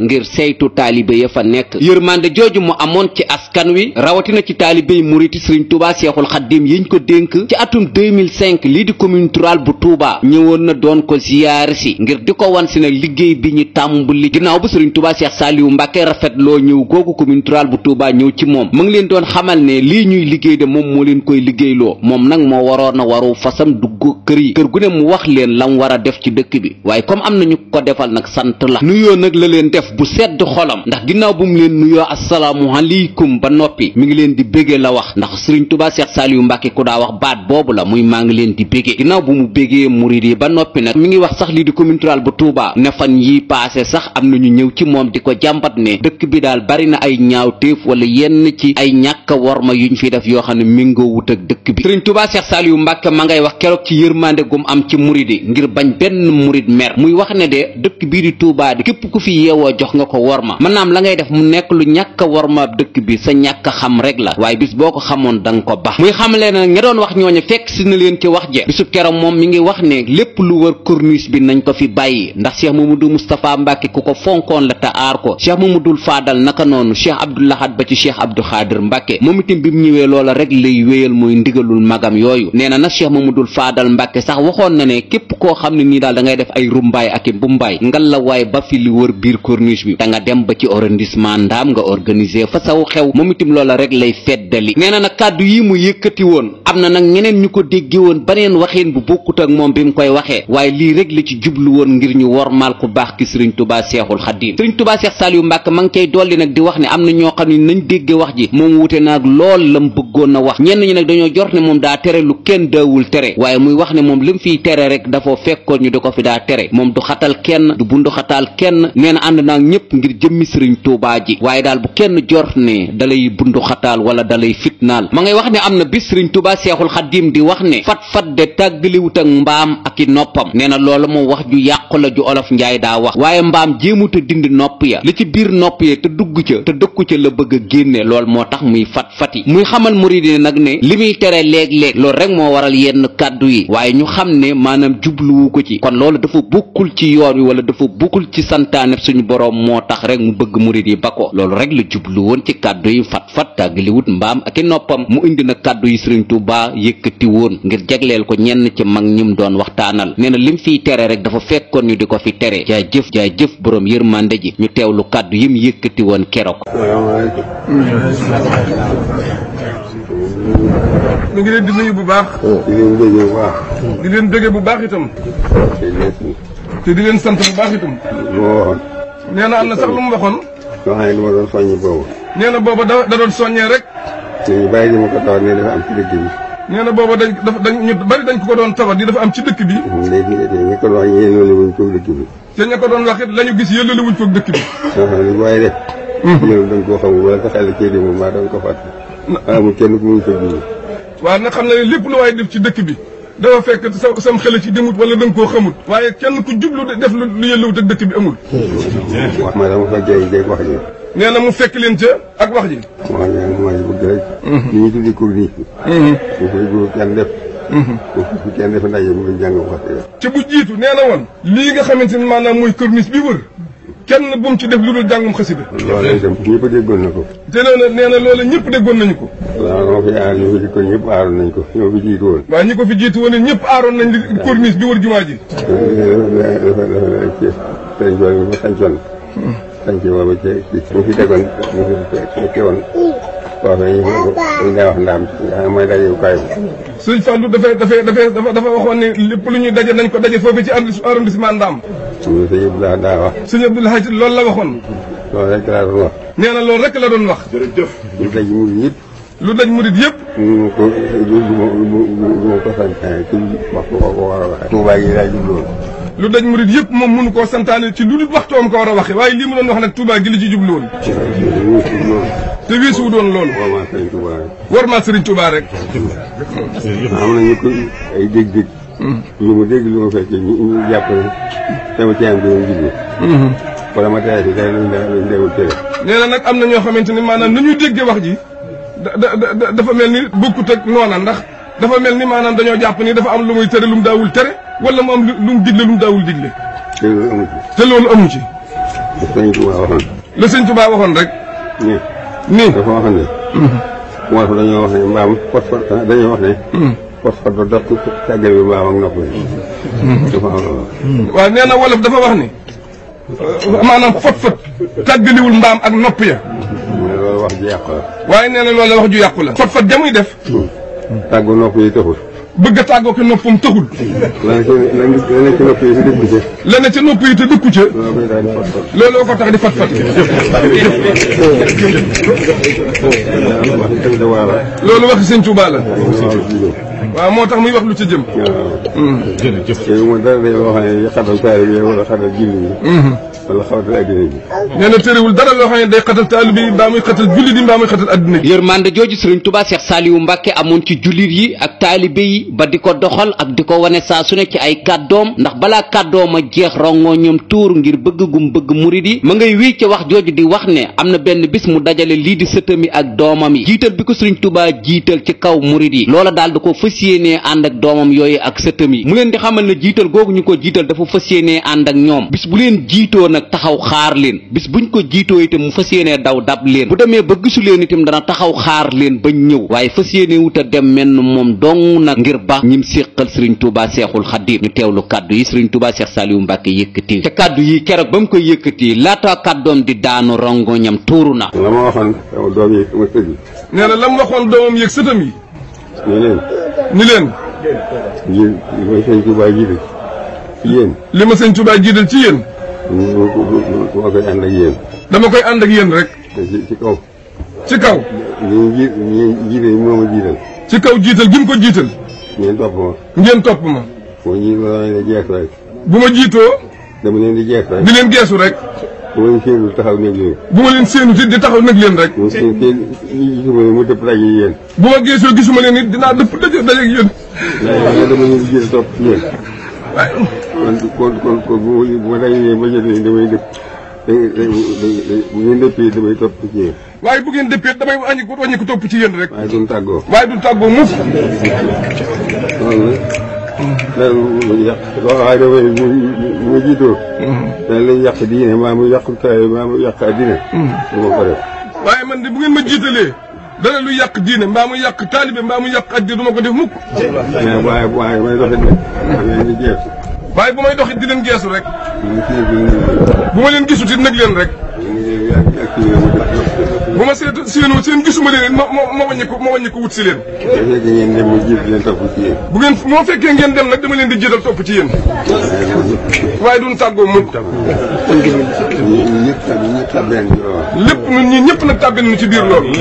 taalibe ya fa nekk yërmande jooju mu amoon ci askan wi rawatina ci taalibe yi muriti sëriñ Tuubaa Seexul Xaddim yiñ ko dénk ci atum 2005 lii di commune rurale bu Tuubaa ñëwoon na doon ko ziyaare si ngir di ko wan si nag liggéey bi ñu tàmbali ginnaaw bu sëriñ Tuubaa Seex Saaliwu Mbàkke rafetloo ñëw googu commune rurale bu Tuubaa ñëw ci moom mu leen doon xamal ne lii ñuy liggéey de moom moo leen koy liggéeyloo moom nag moo waroon a waru fasam dugg kër yi kër gu ne mu wax leen lam war a def ci dëkk bi waaye comme am nañu ko defal nag sant la nuyoo nag la leen def bu sedd xolam ndax ginnaw bu mu leen nuyo assalamu alaykum ba nopi mi ngi leen di bege la wax ndax serigne touba cheikh saliou mbake ku da wax baat bobu la muy ma ngi leen di bege ginnaw bu mu bege mouride ba nopi nak mi ngi wax sax li di commune rurale bu touba ne fan yi passé sax amna ñu ñew ci mom di jambat ne dekk bi dal bari na ay teef wala yenn ci ay ñaaka worma yuñ fi def yo xamne mi mingoo wut ak dekk bi serigne touba cheikh saliou mbake ma ngay wax kérok ci yermande gum am ci mouride ngir bañ ben murid mer muy wax ne de dekk bi di touba di kep ku fi jox nga ko worma manam la ngay def mu nek lu ñàkk a warmaab dëkk bi sa ñàkk xam rek la waye bis boko xamone dang ko bax muy xam leen nga doon wax ñoñu fekk si na leen ci wax je bisub keroog mom mi ngi wax ne lepp lu wër cornus bi nañ ko fi bayyi ndax cheikh mamadou mustapha mbacke kuko fonkon la ta ar ko cheikh mamadou fadal naka noonu cheikh lahad ba ci cheikh abdou khadir mbacke moom itam bi mu ñëwee loola rek lay wéyal moy ndigalul magam yoyu neena na cheikh mamadou fadal mbacke sax waxon na ne kep ko xamni ni dal da ngay def ay rumbay ak bumbay ngal la way ba fi li wër bir cornus bi da nga dem ba ci ci arrondissement ndaam nga organiser fa saw xew moom itam loola rek lay feddali nee na nag kàddu yi mu yëkkati woon am na nag ñeneen ñu ko dégge woon baneen waxeen bu bokkut ak moom bi mu koy waxee waaye lii rek la ci jublu woon ngir ñu wormaal ku baax ki sëriñ tubaa seexul xaddiim sëriñ tubaa seex saaliyu mbàkke ma ngi cay dolli nag di wax ne am na ñoo xam ne nañ dégge wax ji moom wute naag lool lam bëggoon na wax ñenn ñi nag dañoo jort ne moom daa tere lu kenn daawul tere waaye muy wax ne moom lim da ko fi daa tere moom du xatal kenn du bundu xatal kenn nee na ànd naag sëriñ touba ji waye dal bu kenn jor ne dalay bundu khatal wala dalay fitnal ma ngay wax ne am bi bis touba cheikhul khadim di wax ne fat-fat de wut ak mbam ak nopam neena lolou mo wax ju yàqu ju olof njay da wax waaye mbaam jéemuta dindi nop ya li ci bir nop ya te duggu ci te dëkku ci la beug genné lolou motax muy fat-fati muy xamal mouride nak ne limi téré tere léeg-léeg rek mo waral yenn kaddu yi waye ñu xam manam maanaam jubluwu ko ci kon lolou dafa bokul ci yoon wi wala dafa bukul ci santane suñu borom motax rek mu bëgg murid yi bako loolu rek la jublu won ci cadeau yi fat fat tàggali wut mbam ak nopam mu indi na cadeau yi serigne touba yëkëti won ngir jagleel ko ñenn ci mag ñim doon waxtaanal nee lim fi téré rek dafa fekkon ñu di fi téré jaay jëf jaay jëf borom yërmande ji ñu teewlu kàddu yim yëkkati woon keroog oh, ñu ngi leen di nuyu bu baax di leen bu baax itam te di leen sant bu baax itam nee na am na sax lu mu waxoon. loo xam ne lu doon soññi boobu. nee na booba da da doon soññee rek. ñu bàyyi di ma ko tawat ne dafa am ci dëkk bi. nee na booba dañ dañ ñu dañ ko doon tawat di dafa am ci dëkk bi. léegi ñi ko doon wax yéen wuñ ko dëkk bi. ña ko doon wax it la ñu gis yëlale wuñ ko dëkk bi. yoo xam ne lu waay def. Hmm. koo xamul wala sa xel cee maa da nga ko fàtte. amul kenn ku ñu ko jiw. waaw nag xam na lépp lu waay def ci dëkk bi dafa fekk sa sam xel ci demut wala da nga koo xamul waaye kenn ku jublu def lu yëllawut ak dëkk bi amul. wax ma dama fa jëy jëy wax ji. nee na mu fekk leen ca ak wax ji. waaw ñaar maa ngi bëgg rek. li ñu tuddee kur nii. bu koy góor kenn def. bu kenn def ndaje bu ñu jàng wax ci bu jiitu nee na woon. lii nga xamante ne maanaam mooy corniche bi wër. kenn bu mu ci def lu dul jàngum xasida. loolu itam ñëpp déggoon na ko. te loolu nee na loolu ñëpp déggoon nañu ko. waaw ma fi aar ko ñoo fi jiitu woon. waaw ñi ko fi jiitu woon ñëpp aaroon nañ li corniche bi wër jumaa ji. sëñ Joon mi fa sancoon. sanc boobu ci ci mu fi tegoon mu fi waaw kay li nga wax ndaam mooy daje bu kaay suñ Fallou dafay dafa waxoon ne lépp lu ñuy daje nañ ko daje foofu ci arrondissement Ndaam. suñu sëñ Abdoulaye daa wax. suñu Abdoulaye loolu la waxoon. loolu rek laa doon wax. nee loolu rek la doon wax. jërëjëf. lu daj murid yëpp. lu daj murid yëpp. ñu ko du ma ko santaane ci a lu daj murit yëpp moom mënu koo santaane ci lu dul waxtoom ko war a waxe waaye lii mu doon wax nag Touba gi la ci jublu woon te weesuwu doon loolu war maa Serigne Touba rek am na ñu ko ay dégg-dégg hmm. lu mu dégg lu jàpp ne sama caam bi hmm. ma tey si day tere nee na nag am na ñoo xamante ni maanaam na ñuy déggee wax ji da dafa mel ni bokkut ak noona ndax dafa mel ni maanaam dañoo jàpp ni dafa am lu muy tere lu mu daawul tere wala mu am lu mu digle lu mu daawul digle. te loolu amu ci. te loolu amu ci. la sëñ Tuba waxoon. la sëñ Tuba waxoon rek. nii. nii dafa wax ne. wolof dañoo wax ne mbaam pot pot dañoo wax ne. pot pot ba dox càggal bi mbaam ak nopp bi. Hmm. dafa am loolu. waaw nee na wolof dafa wax ni. Euh, maanaam fot fot tàggaliwul mbaam ak nopp ya. loolu wax ju yàqu la. waaye nee na loolu wax ju yàqu la. fot fot jamuy def. Hmm. tàggu nopp yi taxul. bëgg a tàggoo ko noppam taxul. leneen ca nopp yi te dëkku ca. looloo ko tax di fat fat. loolu waxi sëñ Tuubaa la. waaw moo tax muy wax lu ci jëm. waaw jërëjëf. dara day loo xam xatal taalibe yi wala xatal jullit yi. Mhm. wala xatal addina bi. nee na tëriwul dara loo xam ne day xatal taalibe yi mbaa muy xatal jullit yi mbaa muy xatal addina amoon ci jullit yi ak taalibe yi ba di ko doxal ak di ko wane saa su ne ci ay kàddoom ndax balaa kàddoom a jeex rongoo ñoom tuur ngir bëgg gum bëgg murid yi ma ngay wii ci wax jooju di wax ne am na benn bis mu dajale lii di sëtami ak doomam yi jiital bi ko Serigne Touba jiital ci kaw murid yi loola fas yéenee ànd ak doomam yooyu ak sëtam yi mu leen di xamal na jiital googu ñu ko jiital dafa fas yéenee ànd ak ñoom bis bu leen jiitoo nag taxaw xaar leen bis buñ ko jiitoo itam mu fas yéenee daw dab leen bu demee ba gisu leen itam dana taxaw xaar leen bañ ñëw waaye fas yéenee wut a dem menn moom dong nag ngir ba ñim séqal sëriñ Tuubaa Seexul Xadiim ñu lu kàddu yi sëriñ Tuubaa Seex Saaliwu Mbàkke yëkkati te kàddu yi keroog ba mu koy yëkkati laata kàddoom di daanu rongo ñam tuuru na lam waxoon ni leen. ni leen. li ma sëñ Touba jiital ci yéen. li ma sëñ Touba jiital ci yéen. ma koy ànd ak yéen. dama koy ànd ak yéen rek. ci kaw. ci kaw. ñu ji ñu jiital moo ma jiital. ci kaw jiital gi ko jiital. ngeen topp ma. ngeen topp ma. a jeex rek. bu ma jiitoo. dama leen di jeex rek. di leen geesu rek. bu ma leen séenu taxaw nag leen. bu ma leen séenu di taxaw nag leen rek. mu seen seen gisuma mu dëpp daje yéen. bu ma geesoo gisuma leen it dinaa dëpp daje daje ak yéen. topp yéen. waaye kon kon kon bu ma daje ba jotee damay dëpp bu ngeen topp ci yéen. waaye bu ngeen dëppee damay wàññi ko wàññi topp ci yéen rek. waaye duñ tàggoo. waaye du tàggoo mukk. loolu mu yàq loolu aadama yi mu mu jiitoo loolu maa mu yàq taay maa mu yàq addina waaye man de bu ngeen ma jiitalee dara lu yàq diine mbaa mu yàq taalibe mbaa mu yàq addina du ma ko def mukk waaye waaye may doxit nag di geesu waaye bu may doxit di leen rek bu ma leen gisut it nag leen rek bu ma seet séenu seen gisuma leen ma ma ma wàññi ko ma wàññi ko wut si leen. bu ngeen moo fekkee ngeen dem nag dama leen di jiital topp ci yéen. waaye duñ tàggoo mukk. lépp ñun ñii ñëpp nag tàbbi nañu ci biir loolu.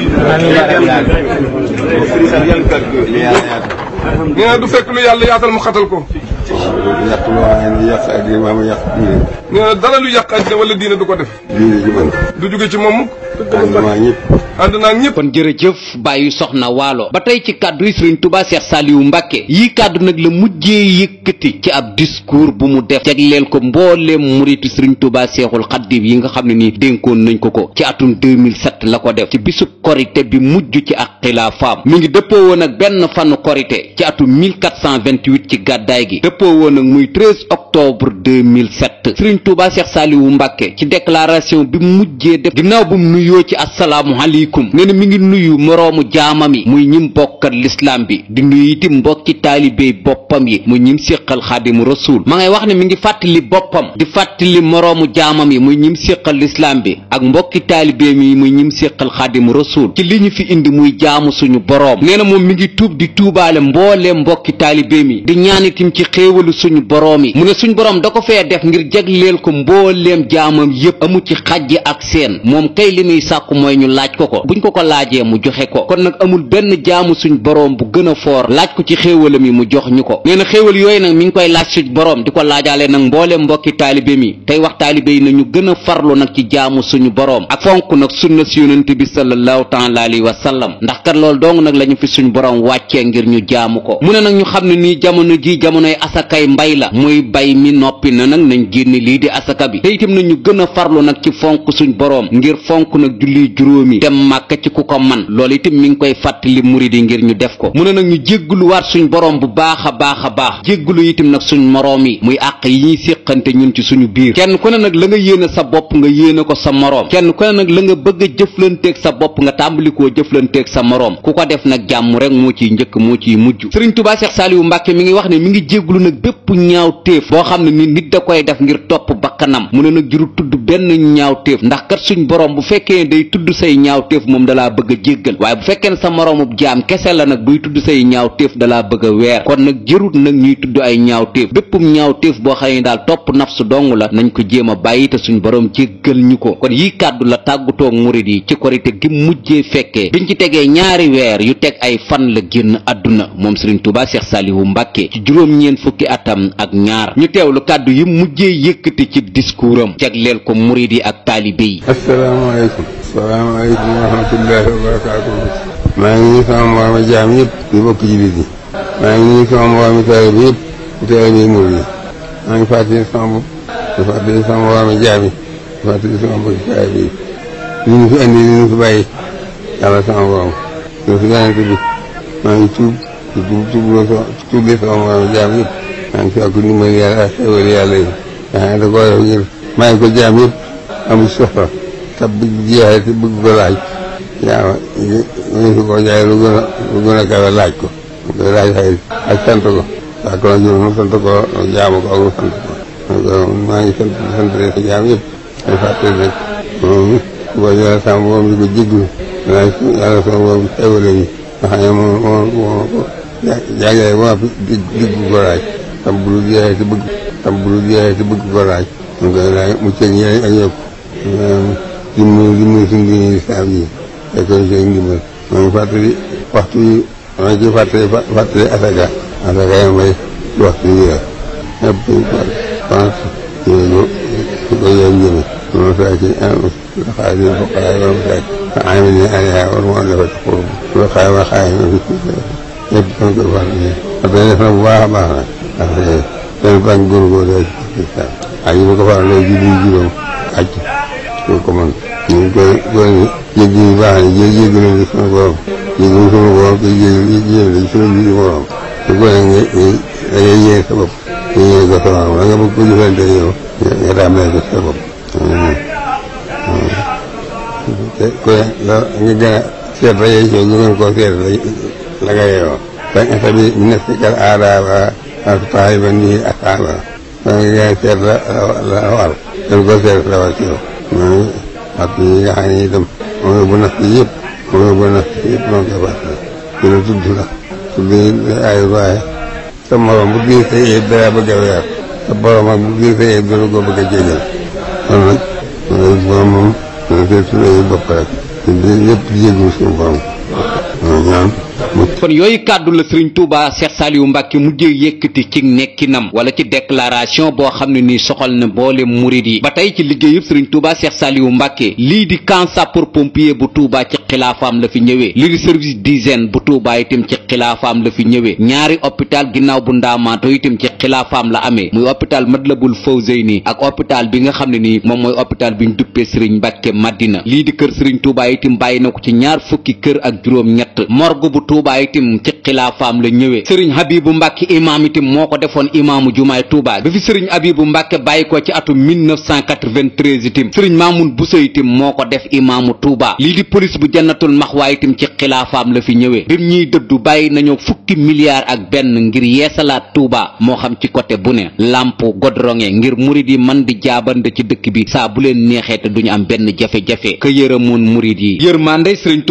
nee na du fekk lu yàlla yaatal mu xatal ko. yàq ma li yàq ak ma yàq diine. wala diine du ko def. diine ji man. du jóge ci moom. ànd naa ñëpp. ànd naa ñëpp. kon jërëjëf bàyyi soxna waalo ba tey ci kàddu yi Serigne Touba Cheikh Saliou Mbacke yii kàddu nag la mujjee yëkkati ci ab discours bu mu def jagleel ko mbooleem muritu Serigne Touba Cheikhul Khadim yi nga xam ne nii dénkoon nañ ko ko ci atum 2007 at la ko def ci bisu korite bi mujj ci ak xilaafaam mi ngi dëppoo woon ak benn fanu korite ci atu 1428 ci gàddaay gi dëppoo woon ak muy 13 octobre 2007 sëriñ Tuuba Seex wu Mbàkke ci déclaration bi mujjee def ginnaaw bu nuyoo ci assalaamu aleykum nee na mi ngi nuyu moroomu jaamam yi muy ñim bokkat lislaam bi di nuyu itam mbokki taalibey boppam yi mu ñim séqal xaadimu rasuul ma ngay wax ne mi ngi fàttali boppam di fàttali moroomu jaamam yi muy ñim séqal lislaam bi ak mbokki mu séqal xaadim rasul ci li ñu fi indi muy jaamu suñu boroom nee moom mi ngi tuub di tuubaale mboolee mbokki taalibe mi di ñaanitim ci xéewalu suñu boroom yi mu ne suñu boroom da ko fee def ngir jagleel ko mbooleem jaamam yépp amu ci xajji ak seen moom kay li muy sàkku mooy ñu laaj ko ko bu buñ ko ko laajee mu joxe ko kon nag amul benn jaamu suñu boroom bu gën a foor laaj ko ci xéewalam yi mu jox ñu ko nee na xéewal yooyu nag mu ngi koy laaj suñu boroom di ko laajaale nag mbooleem mbokki taalibe yi nañu gën a farlu nag ci jaamu ci yonent bi sallallahu taala alayhi wa sallam ndax kat loolu dong nag lañu fi suñ borom wàccee ngir ñu jaamu ko mu ne nag ñu xam ne nii jamono ji jamonoy asakay mbay la muy bay mi noppi na nag nañ génne lii di asaka bi te itam na ñu gën a farlu nag ci fonk suñu boroom ngir fonk nag julli juróomi dem màkk ci ku ko man lool itam mi ngi koy fàttali murid yi ngir ñu def ko mu ne nag ñu jéggluwaat suñu boroom bu baax a baax a baax jégglu itam nag suñ moroom yi muy àq yi ñuy séqante ñun ci suñu biir kenn ku nag la nga sa bopp nga yéene ak sa bop nga tàmbalikoo ak sa morom kuko ko def nak jamm rek mochi ci ñëk mo ci muju serigne touba cheikh saliou mbacke mi ngi wax ni mi ngi jéglu nak bëpp ñaaw téef boo ni nit da koy def ngir top bakkanam mu ne nak juru tudd ben ñaaw téef ndax kat suñ borom bu fekke day tudd say ñaaw mom da la bëgg jéggal waye bu fekke sa moroomub jamm kese la nak buy tudd say ñaaw da la bëgg wër kon nak jërut nak ñuy tudd ay ñaaw téef béppum ñaaw téef boo top nafsu dong la nañ ko a te suñ borom jéggal ñuko ko kon yi kaddu la tàggutoo murid yi yi ci korite gi mujjee fekkee bi biñ ci tegee ñaari weer yu teg ay fan la génn àdduna moom Serigne Touba Cheikh Saliou Mbacke ci juróom-ñeent fukki atam ak ñaar ñu teewlu kàddu yi mujjee yëkkati ci discours am jagleel ko murid yi ak taalibe yi. asalaamaaleykum. asalaamaaleykum wa rahmatullahi wa maa ngi nuyu sama mbooloo mi jaam yëpp ñu bokk ci yi maa ngi nuyu sama mbooloo mi taalibe yëpp ñu taalibe yi muur yi maa ngi fàttali sama bopp di fàttali ñu ngi fi andi li ñu fi bàyyi sama borom ñu fi gànnaaw bi maa ngi tuub di tuub tuub tuub bi sama borom jaam yëpp maa ngi sàkku ndimbal ak xéwal ko jaam yëpp amul soxla tab bi jeexee ko laaj yàlla ñu ko jaay a lu gën a kawe laaj ko ak sant ko daa ko ñu mu sant ko jaamu ko maa ngi sant sant boo yàlla sama borom di ko jéglu sama borom xewale yi nga xam ne moo moo moo ko jaagale boo fi di digg ko laaj tam bu lu jeexee te bëgg tam bu lu jeexee te bëgg ko laaj mu koy laaj mu ceeg njëriñ ak yokk dimbali dimbali suñu diine lislaam yi fekkoon seen ndimbal ma ngi fàttali waxtu yi ma ngi ciy وقائد الفقراء والمساكين والعاملين عليها والمؤلفة قلوبهم والوقاية والخائفين في yëpp da nga koy wax ne dafay def nag bu baax a baax nag ndax dañu bañ góorgóorlu ko faral ko mën ñu ngi koy góorgóorlu yëg yu baax yi yëg yëg leen di suñu borom yëg leen ko sa borom da nga bëgg ko jëfante yow ku ñu gën a seetla yooyu ñoom ñu gën koo la nga yeewoo. sa sa bi nekk si kàl aadaaba ak taay ba nii ak saaba. da ngay seet la la war. gën koo seet la war ci yow. mooy at yi nga xam ne itam bu nas yi yëpp moom bu nas yi yëpp moom la war a ay waaye. sa morom bu gis sa yëpp dara bu gis sa yëpp dara ma fekk ba pare ñëpp jégalu suñu borom. kon yooyu kàddu la sëriñ Touba Cheikh Saliou Mbacke mujjee yëkkati ci nekkinam wala ci déclaration boo xam ne nii soxal na mboolem murid yi ba tey ci liggéeyub sëriñ Touba Cheikh Saliou Mbacke lii di camp sapeur pompier bu Touba ci xilaafaam la fi ñëwee lii di service d'hygiène bu Touba itam ci xilaafaam la fi ñëwee ñaari hôpital ginnaaw bu ndaamaato itam ci xilaafaam la amee muy hôpital Matlaboul Fawzeyni ak hôpital bi nga xam ne nii moom mooy hôpital bi ñu duppee sëriñ Mbacke Madina lii di kër sëriñ Touba itam bàyyi na ko ci ñaar fukki kër ak juróom ñett Touba itam ci xilaafaam la ñëwee sëriñ Habibu Mbàkke imaam itam moo ko defoon imaamu jumaay Touba bi fi sëriñ Habibu Mbàkke bàyyi ko ci atum 1993 itam sëriñ Maamun Buso itam moo ko def imaamu Touba lii di police bu jannatul maxwaa itam ci faam la fi ñëwee bim ñuy dëddu bàyyi nañu fukki milliards ak benn ngir yeesalaat Touba moo xam ci côté bu ne lamp godronge ngir murid yi man di jaabande ci dëkk bi saa bu leen neexee te duñu am benn jafe-jafe ka yërëmoon murid yi yërmande sëriñ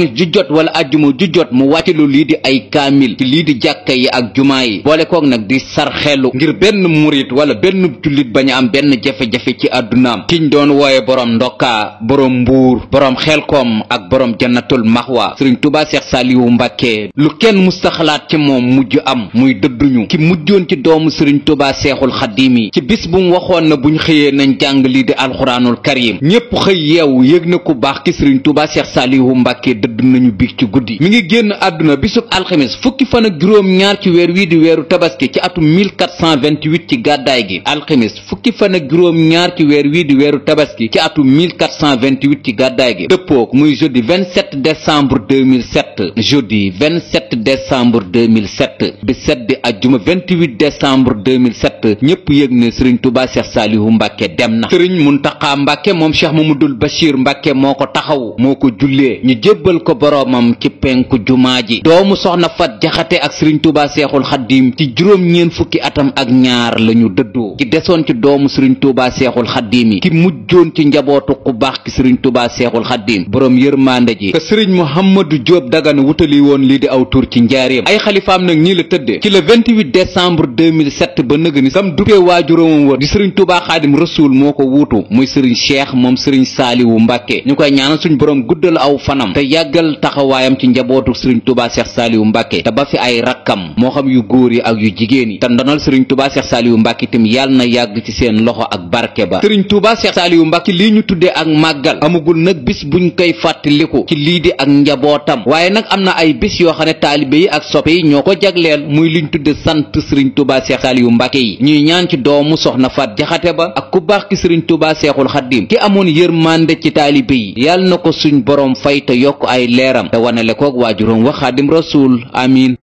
alxamis jujot wala ajjuma jujot mu wàccilu li di ay kamil li di jakkay ak jumaa yi boole koog nag di xelu ngir ben mourid wala ben julit baña am ben jafé jafé ci àddunaam kiñ doon woyé borom ndoka borom mbour borom kom ak borom jannatul mahwa serigne touba cheikh saliou mbàkke lu kenn mustakhlat ci mom mujju am muy deuduñu ki mujjoon ci doomu serigne touba cheikhul khadimi ci bis bu mu waxon na buñ xeyé nañ jang li di alxuraanul karim ñepp xey yew yegna ku bax ki serigne touba cheikh saliou mbàkke du nañu biig ci guddi mu ngi génn àdduna bisub alxemes fukki fan ak juróom-ñaar ci weer wii di weeru tabaski ci atum 1428 ci gàddaay gi alxamis fukki fan ak juróom-ñaar ci weer wii di weeru tabaski ci atum 1428 ci gàddaay gi dëppook muy jeudi 27 décembre 2007 2007 jeudi 27 décembre 2007 bi set di ajjuma 28 décembre 2007 ñëpp yëg ne sëriñ Touba Cheikh Saliou Mbacke dem na sëriñ Muntaxa Mbacke moom Cheikh Mamadul Bachir Mbacke moo ko taxaw moo ko jullee ñu jébbal ko boroomam ci penku jumaa ji doomu soxna Fat Jaxate ak sëriñ Touba Seexul Xaddiim ci juróom ñeen fukki atam ak ñaar lañu dëddoo ki desoon ci doomu sëriñ Touba Seexul Xaddiim yi ki mujjoon ci njabootu ku baax ki sëriñ Touba Seexul Xaddiim boroom yërmande ji ka sëriñ Muhammadu bakkan wutali woon lii di aw tur ci njaareem ay xalifaam nag ñii la tëddee ci le 28 décembre ba nëga ni sam duppee waajuramam wa di sëriñ Tuubaa Xaadim Rasuul moo ko wuutu muy sëriñ Cheikh moom sëriñ Saaliwu Mbàkke ñu koy ñaanal suñ borom guddal aw fanam te yàggal taxawaayam ci njabootu sëriñ Tuubaa Cheikh Saaliwu Mbàkke te ba fi ay rakkam moo xam yu góor yi ak yu jigéen yi te ndonal sëriñ Tuubaa Cheikh Saaliwu Mbàkke itam yàlla na yàgg ci seen loxo ak barke ba sëriñ Tuubaa Cheikh Saaliwu Mbàkke lii ñu tuddee ak màggal amugul nag bis buñ koy fàttaliku ci lii di ak njabootam waaye waaye am na ay bis yoo xam ne taalibe yi ak sopp yi ñoo ko jagleel muy liñ tudd sant sëriñ Tuubaa Seex yu Mbàkke yi ñuy ñaan ci doomu soxna Faat Jaxate ba ak ku baax ki sëriñ Tuubaa Seexul Xaddiim ki amoon yërmande ci taalibe yi yàlla na ko suñ boroom fay te yokk ay leeram te wanale koog waajuróom wa Xaadim Rasuul amiin